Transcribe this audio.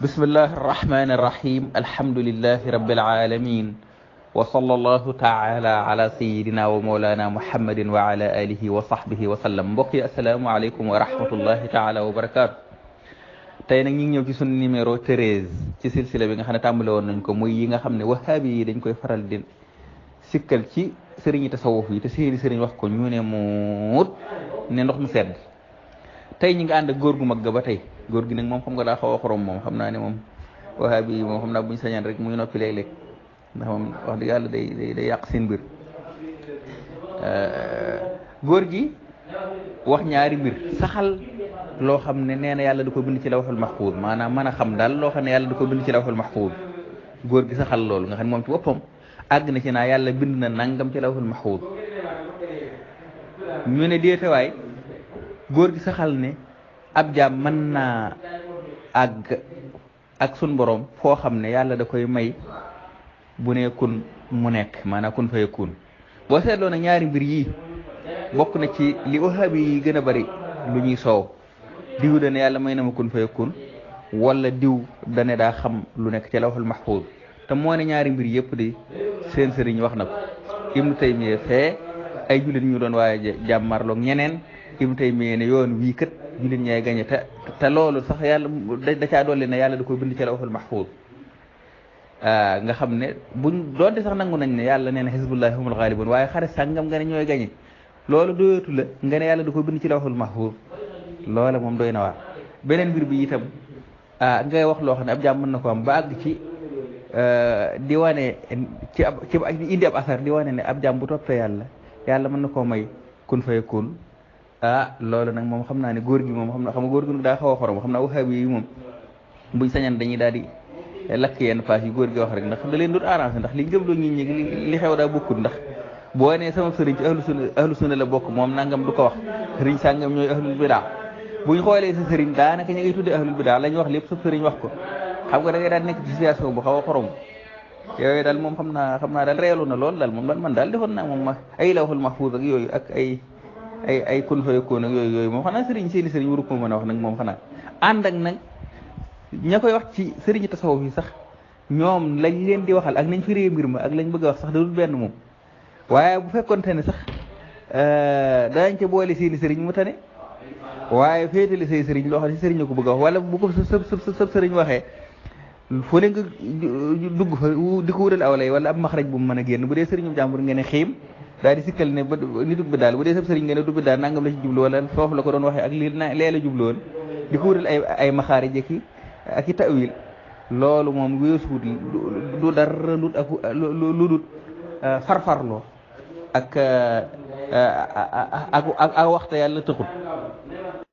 بسم الله الرحمن الرحيم الحمد لله رب العالمين وصلى الله تعالى على سيدنا ومولانا محمد وعلى آله وصحبه وسلم mbokk السلام عليكم ورحمة الله تعالى وبركاته tey nag ñu ngi ñëw ci sunu numéro 13 ci silsila bi nga xam ne tàmbale woon nañ ko muy yi nga xam ne wahaabi yi dañ koy faral di sikkal ci sëriñi tasawuf yi te seeni sëriñ wax ko ñu ne muut ne ndox mu sedd tey ñi nga ànd ak góor gu mag ga ba tey góor gi nag moom xam nga daa xaw a xorom moom xam naa ne moom waxaa bi xam naa bu ñu sañaan rek muy noppi léeg-léeg wax dëgg yàlla day day yàq seen mbir euh, góor gi wax ñaari mbir saxal loo xam ne nee na yàlla da ko bind ci lawxul maxfuud maanaam mën a xam daal loo yàlla da ko bind ci lawxul maxfuud góor gi saxal loolu nga xam ne moom ci boppam àgg na ci naa yàlla bind na nangam ci lawxul maxfuud ñu ne déetewaay góor gi ne ab jaam man naa àgg ak sun borom foo xam ne yàlla da koy may bu ne kun mu nekk maanaam kun fay kun boo seetloo na ñaari mbir yi bokk na ci li wahabi yi gën a bari lu ñuy soow diw dane yàlla may na ma kun fay kun wala diw dane daa xam lu nekk ci lawhul mahfuz te moo ne ñaari mbir yëpp di seen sëriñ wax na ko ibnu taymiya fee ay jullit ñu doon waaye jàmmarloog ñeneen Ibnu Taymiya ne yoon wii kat jullit gañe te loolu sax yàlla da caa dolli ne yàlla da koy bind ci la lawhul mahfuuz ah, nga xam ne buñ doonte sax nangu nañ ne yàlla nee na xisbullahi humul xaalibuun waaye xare sàngam nga ne ñooy gañe loolu doyatu la nga yàlla da koy bind ci lawhul mahfuuz loola moom doy na waar beneen mbir bi itam a ah, ngay wax loo ne ab jàmm mën na ko am ba ci ah, di wane ci ab ci indi ab asar di wane ne ab jàmm bu toppee yàlla mën na koo may kun fayakun ah loolu nag moom xam naa ne góor gi moom xam na xam nga góor gi nag daa xaw a xam naa waxaabi yi moom buñ sañan dañuy daal di lakk yenn paas yu góor gi wax rek ndax da leen dut arrangé ndax li gëm loo ñit ñi li xew daa bokkut ndax boo nee sama sëriñ ci ahlu sunna ahlu la bokk moom nangam du ko wax sëriñ sàngam ñooy ahlul bidaa buñ xoolee sa sëriñ daanaka ñi ngay tuddee ahlul bidaa lañ wax lépp sa sëriñ wax ko xam nga da ngay daal nekk ci situation xaw a xorom moom xam naa xam naa daal reelu na lool daal moom daal man daal defoon na moom ma ay lawhul mahfuuz ak yooyu ay ay kun fayakoon ak yooyu yooyu moom xanaa sëriñ seeni sëriñ waru ko mën a wax nag moom xanaa ànd ak nag ña koy wax ci sëriñ tasawuf yi sax ñoom lañ leen di waxal ak nañ fi réer mbir ma ak lañ bëgg wax sax da benn moom waaye bu fekkonte ne sax euh, daañ ca boole seeni sëriñ mu tane waaye féetale say sëriñ loo xam ne si ko bëgg wala bu ko sëb sëb sëb sëriñ waxee fu ne nga dugg ko wutal aw lay wala ab maxraj bu mu mën a génn bu dee sëriñu jàmbur ngeen ne xiim daal di sikkal ne ba ni du biddaa la bu dee sab sëriñ nga ne du biddaa nangam la ci jublu wala foofu la ko doon waxee ak lii na lee la jublu woon di ko ay ay maxaari jëkki ak i tawil loolu moom weesuut du dara lut ak lu dut euh, euh, euh, ak ak ak waxta yàlla tëxut